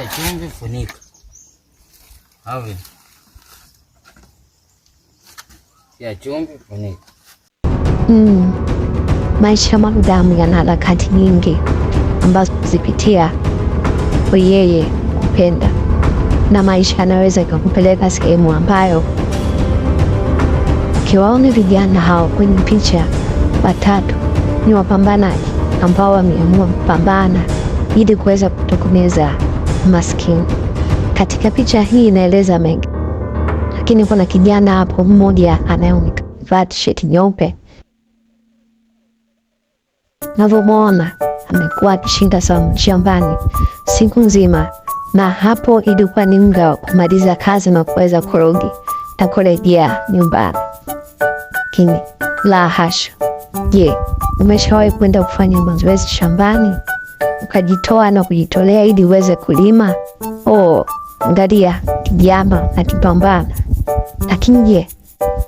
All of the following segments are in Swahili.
ya chumvi, funika avi, Ya chumvi, funika. Mm. Maisha mwanadamu yana harakati nyingi ambazo kuzipitia kwa yeye kupenda, na maisha yanaweza kukupeleka sehemu ambayo kiwaone. Vijana hao kwenye picha watatu ni wapambanaji ambao wameamua kupambana ili kuweza kutokomeza maskini. Katika picha hii inaeleza mengi, lakini kuna kijana hapo mmoja anayeonekana shati nyeupe, navyomwona amekuwa akishinda shambani siku nzima, na hapo ilikuwa ni muda wa kumaliza kazi na kuweza kurogi na kurejea nyumbani. Lakini la hasha! Je, umeshawahi kwenda kufanya mazoezi shambani? ukajitoa na kujitolea ili uweze kulima. Oh, angalia kijama akipambana. Lakini je,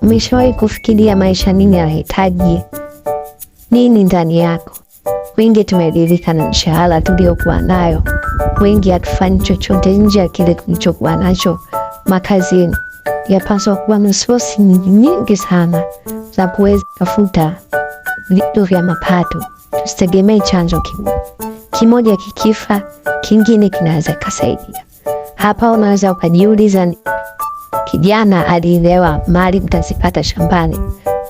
umeshawahi kufikiria maisha nini yanahitaji nini ndani yako? Wengi tumeridhika na mshahara tuliokuwa nayo, wengi hatufanyi chochote nje ya kile tulichokuwa nacho. Makazini yapaswa kuwa msosi nyingi sana za kuweza kutafuta vitu vya mapato, tusitegemee chanzo kimoja. Kimoja kikifa kingine kinaweza kasaidia. Hapa unaweza ukajiuliza, kijana alielewa mali mtazipata shambani,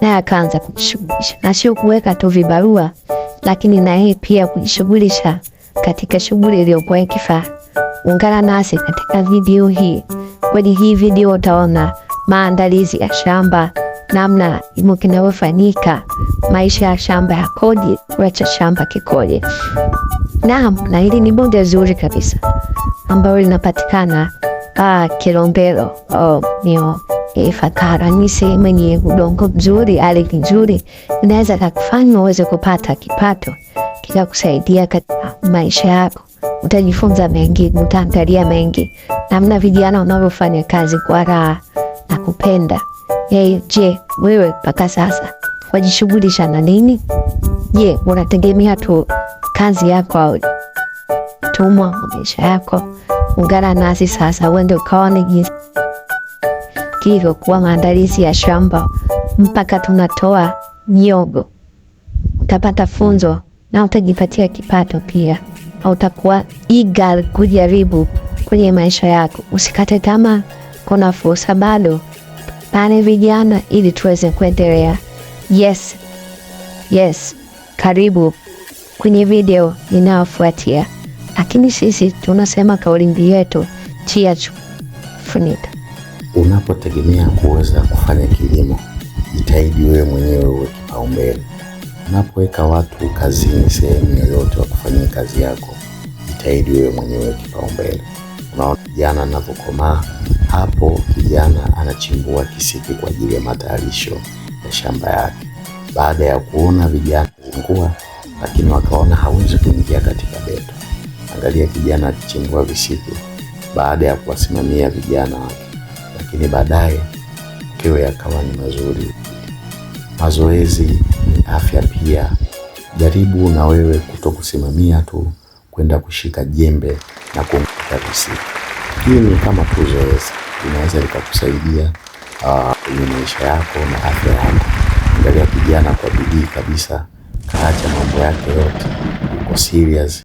na akaanza kujishughulisha na sio kuweka tu vibarua, lakini na yeye pia kujishughulisha katika shughuli iliyokuwa ikifaa. Ungana nasi katika video hii. Kwenye hii video utaona maandalizi ya shamba, namna imo kinavyofanyika, maisha ya shamba yakoje, kura cha shamba kikoje. Naam, na hili ni bonde zuri kabisa ambayo linapatikana Kilombero. Oh, nio ifakara ni sehemu yenye udongo mzuri, ardhi nzuri, inaweza kakufanya uweze kupata kipato kikakusaidia katika maisha yako. Utajifunza mengi, utaangalia mengi, namna vijana wanavyofanya kazi kwa raha na kupenda. Hey, je, wewe mpaka sasa wajishughulisha na nini? Je, unategemea tu kazi yako au tumwa maisha yako. Ungana nasi sasa uende ukaone kivyo kilivyokuwa maandalizi ya shamba mpaka tunatoa nyogo. Utapata funzo na utajipatia kipato pia, au utakuwa eager kujaribu kwenye maisha yako. Usikate tamaa, kuna fursa bado. Pane vijana ili tuweze kuendelea. Yes, yes, karibu kwenye video inayofuatia, lakini sisi tunasema kauli mbiu yetu chia Unapotegemea kuweza kufanya kilimo, jitahidi wewe mwenyewe uwe kipaumbele. Unapoweka watu kazini, sehemu yoyote wa kufanyia kazi yako, jitahidi wewe mwenyewe kipaumbele. Unaona kijana anapokomaa hapo, kijana anachimbua kisiki kwa ajili ya matayarisho ya shamba yake. Baada ya kuona vijana zingua lakini wakaona hawezi kuingia katika beta. Angalia kijana akichimbua visiki baada ya kuwasimamia vijana wake, lakini baadaye matokeo yakawa ni mazuri. Mazoezi ni afya pia. Jaribu na wewe kuto kusimamia tu kwenda kushika jembe na kumkuta visiki. Hii ni kama tu zoezi, inaweza likakusaidia ah, kwenye uh, maisha yako na afya yako. Angalia kijana kwa bidii kabisa akaacha mambo yake yote, yuko serious.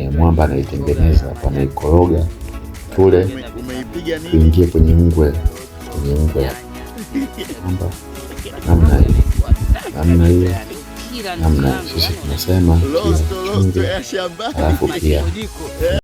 Eh, mwamba anaitengeneza, naikoroga tule, tuingie kwenye ngwe, kwenye ngwe mwamba. Namna hiyo, namna hiyo, namna sisi tunasema kila chunge, alafu pia